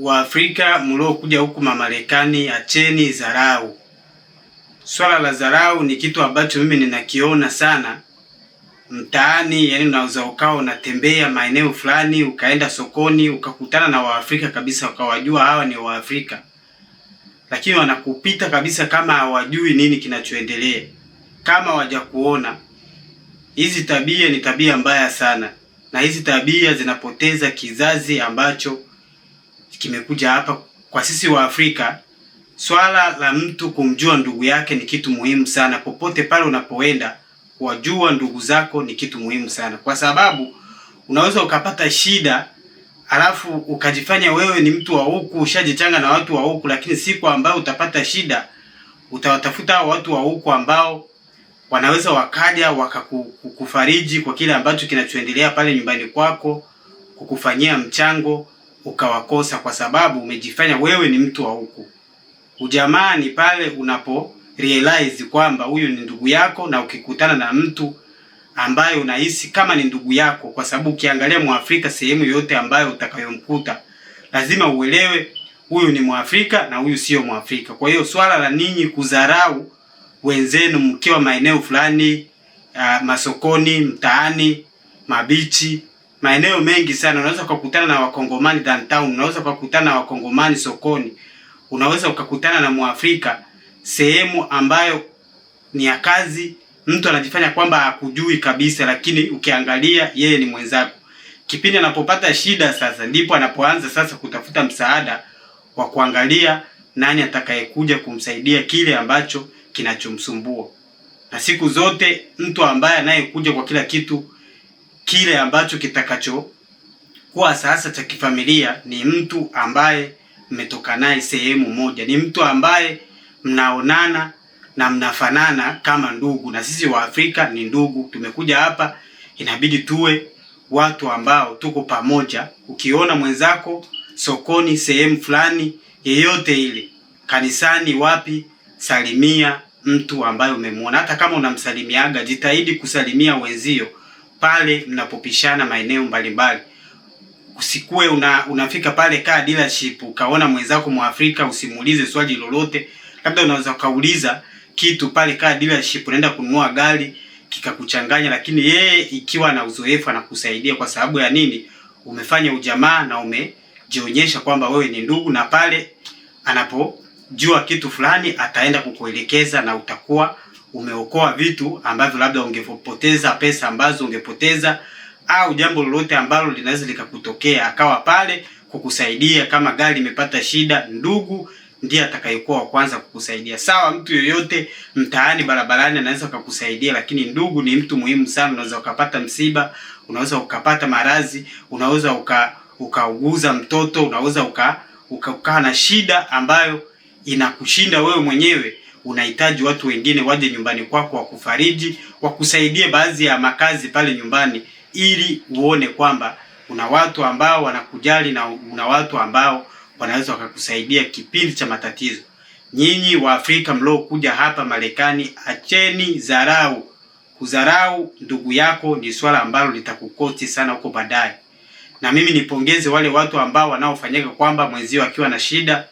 Waafrika mliokuja huku Mamarekani, acheni dharau. Swala la dharau ni kitu ambacho mimi ninakiona sana mtaani, yani unaweza ukawa unatembea maeneo fulani, ukaenda sokoni, ukakutana na Waafrika kabisa, ukawajua hawa ni Waafrika, lakini wanakupita kabisa kama hawajui nini kinachoendelea, kama wajakuona. Hizi tabia ni tabia mbaya sana, na hizi tabia zinapoteza kizazi ambacho kimekuja hapa. Kwa sisi wa Afrika, swala la mtu kumjua ndugu yake ni kitu muhimu sana. Popote pale unapoenda, wajua ndugu zako ni kitu muhimu sana, kwa sababu unaweza ukapata shida alafu ukajifanya wewe ni mtu wa huku, ushajichanga na watu wa huku, lakini siku ambayo utapata shida utawatafuta watu wa huku ambao wanaweza wakaja wakakufariji kwa kile ambacho kinachoendelea pale nyumbani kwako, kukufanyia mchango ukawakosa kwa sababu umejifanya wewe ni mtu wa huku. Ujamaa ni pale unapo realize kwamba huyu ni ndugu yako, na ukikutana na mtu ambaye unahisi kama ni ndugu yako, kwa sababu ukiangalia Mwafrika sehemu yote ambayo utakayomkuta lazima uelewe huyu ni Mwafrika na huyu sio Mwafrika. Kwa hiyo swala la ninyi kudharau wenzenu mkiwa maeneo fulani, uh, masokoni, mtaani, mabichi maeneo mengi sana. Unaweza ukakutana na wakongomani downtown, unaweza ukakutana na wakongomani sokoni, unaweza ukakutana na mwafrika sehemu ambayo ni ya kazi. Mtu anajifanya kwamba hakujui kabisa, lakini ukiangalia yeye ni mwenzako. Kipindi anapopata shida sasa, ndipo anapoanza sasa kutafuta msaada wa kuangalia nani atakayekuja kumsaidia kile ambacho kinachomsumbua. Na siku zote mtu ambaye anayekuja kwa kila kitu kile ambacho kitakachokuwa sasa cha kifamilia ni mtu ambaye mmetoka naye sehemu moja, ni mtu ambaye mnaonana na mnafanana kama ndugu. Na sisi wa afrika ni ndugu, tumekuja hapa, inabidi tuwe watu ambao tuko pamoja. Ukiona mwenzako sokoni, sehemu fulani yeyote ile, kanisani, wapi, salimia mtu ambaye umemwona. Hata kama unamsalimiaga, jitahidi kusalimia wenzio pale mnapopishana maeneo mbalimbali. Usikue una, unafika pale ka dealership ukaona mwenzako Mwafrika usimuulize swali lolote. Labda unaweza ukauliza kitu pale ka dealership, unaenda kununua gari kikakuchanganya, lakini yeye ikiwa na uzoefu anakusaidia kwa sababu ya nini? Umefanya ujamaa na umejionyesha kwamba wewe ni ndugu, na pale anapojua kitu fulani ataenda kukuelekeza na utakuwa umeokoa vitu ambavyo labda ungepoteza, pesa ambazo ungepoteza, au jambo lolote ambalo linaweza likakutokea, akawa pale kukusaidia. Kama gari imepata shida, ndugu ndiye atakayekuwa wa kwanza kukusaidia. Sawa, mtu yoyote mtaani, barabarani anaweza kukusaidia, lakini ndugu ni mtu muhimu sana. Unaweza ukapata msiba, unaweza ukapata maradhi, unaweza uka ukauguza mtoto, unaweza uka ukakaa na shida ambayo inakushinda wewe mwenyewe unahitaji watu wengine waje nyumbani kwako wakufariji, wakusaidie baadhi ya makazi pale nyumbani, ili uone kwamba kuna watu ambao wanakujali na una watu ambao wanaweza wakakusaidia kipindi cha matatizo. Nyinyi wa Afrika mliokuja hapa Marekani, acheni dharau. Kudharau ndugu yako ni swala ambalo litakukosti sana huko baadaye. Na mimi nipongeze wale watu ambao wanaofanyika kwamba mwenzio akiwa na shida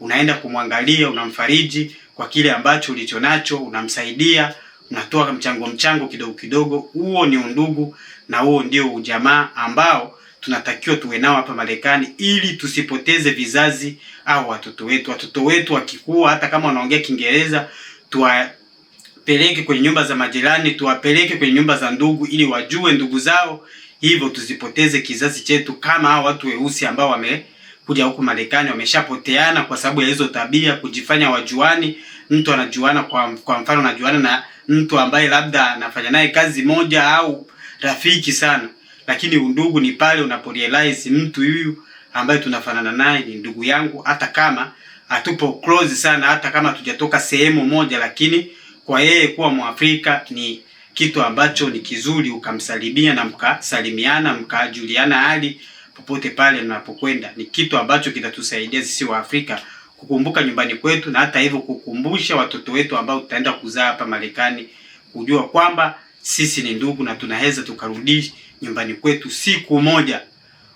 unaenda kumwangalia, unamfariji kwa kile ambacho ulicho nacho, unamsaidia, unatoa mchango mchango kidogo kidogo. Huo ni undugu na huo ndio ujamaa ambao tunatakiwa tuwe nao hapa Marekani ili tusipoteze vizazi au watoto wetu. Watoto wetu wakikua, hata kama wanaongea Kiingereza, tuwapeleke kwenye nyumba za majirani, tuwapeleke kwenye nyumba za ndugu ili wajue ndugu zao, hivyo tusipoteze kizazi chetu kama hao watu weusi ambao wamekuja huku Marekani wameshapoteana kwa sababu ya hizo tabia, kujifanya wajuani mtu anajuana kwa, kwa mfano anajuana na mtu ambaye labda anafanya naye kazi moja au rafiki sana, lakini undugu ni pale unaporealize mtu huyu ambaye tunafanana naye ni ndugu yangu, hata kama hatupo close sana, hata kama tujatoka sehemu moja, lakini kwa yeye kuwa Mwafrika ni kitu ambacho ni kizuri, ukamsalimia na mkasalimiana mkajuliana hali popote pale mnapokwenda, ni kitu ambacho kitatusaidia sisi Waafrika kukumbuka nyumbani kwetu, na hata hivyo kukumbusha watoto wetu ambao tutaenda kuzaa hapa Marekani kujua kwamba sisi ni ndugu na tunaweza tukarudi nyumbani kwetu siku moja.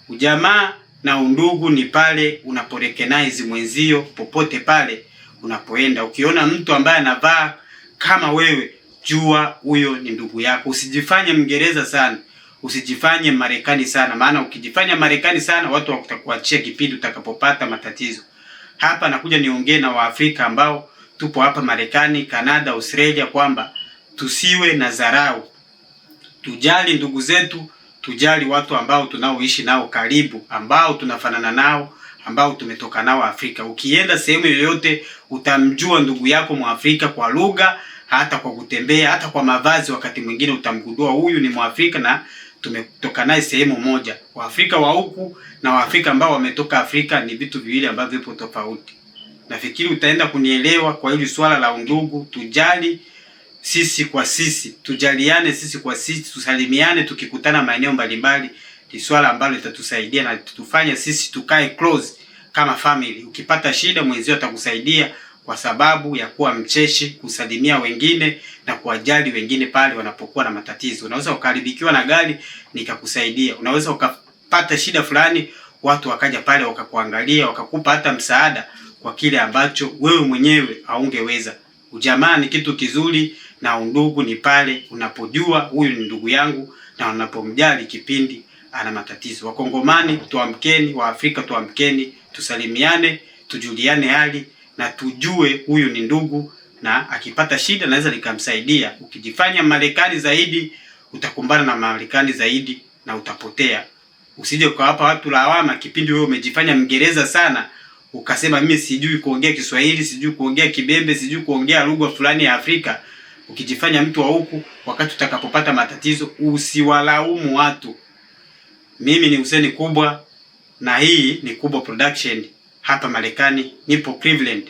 Ujamaa na undugu ni pale unaporecognize mwenzio popote pale unapoenda. Ukiona mtu ambaye anavaa kama wewe, jua huyo ni ndugu yako. Usijifanye Mngereza sana, usijifanye Marekani sana, maana ukijifanya Marekani sana watu watakuachia kipindi utakapopata matatizo hapa nakuja niongee na Waafrika ambao tupo hapa Marekani, Kanada, Australia kwamba tusiwe na dharau, tujali ndugu zetu, tujali watu ambao tunaoishi nao karibu, ambao tunafanana nao, ambao tumetoka nao Afrika. Ukienda sehemu yoyote utamjua ndugu yako Mwafrika kwa lugha, hata kwa kutembea, hata kwa mavazi. Wakati mwingine utamgundua huyu ni Mwafrika na tumetoka naye sehemu moja. Waafrika wa huku na Waafrika ambao wametoka Afrika ni vitu viwili ambavyo vipo tofauti. Nafikiri utaenda kunielewa kwa hili swala la undugu. Tujali sisi kwa sisi, tujaliane sisi kwa sisi, tusalimiane tukikutana maeneo mbalimbali. Ni swala ambalo litatusaidia na tufanye sisi tukae close kama family. Ukipata shida mwenzio atakusaidia kwa sababu ya kuwa mcheshi, kusalimia wengine na kuwajali wengine pale wanapokuwa na matatizo. Unaweza ukaribikiwa na gari nikakusaidia, unaweza ukapata shida fulani, watu wakaja pale wakakuangalia, wakakupa hata msaada kwa kile ambacho wewe mwenyewe haungeweza. Ujamaa ni kitu kizuri na undugu ni pale unapojua huyu ni ndugu yangu na unapomjali kipindi ana matatizo. Wakongomani tuamkeni, Waafrika tuamkeni, tusalimiane, tujuliane hali na tujue huyu ni ndugu, na akipata shida naweza nikamsaidia. Ukijifanya Marekani zaidi utakumbana na Marekani zaidi na utapotea. Usije ukawapa watu lawama kipindi wewe umejifanya Mngereza sana ukasema mimi sijui kuongea Kiswahili, sijui kuongea Kibembe, sijui kuongea lugha fulani ya Afrika. Ukijifanya mtu wa huku, wakati utakapopata matatizo usiwalaumu watu. Mimi ni Hussein Kubwa na hii ni Kubwa Production hapa Marekani, nipo Cleveland.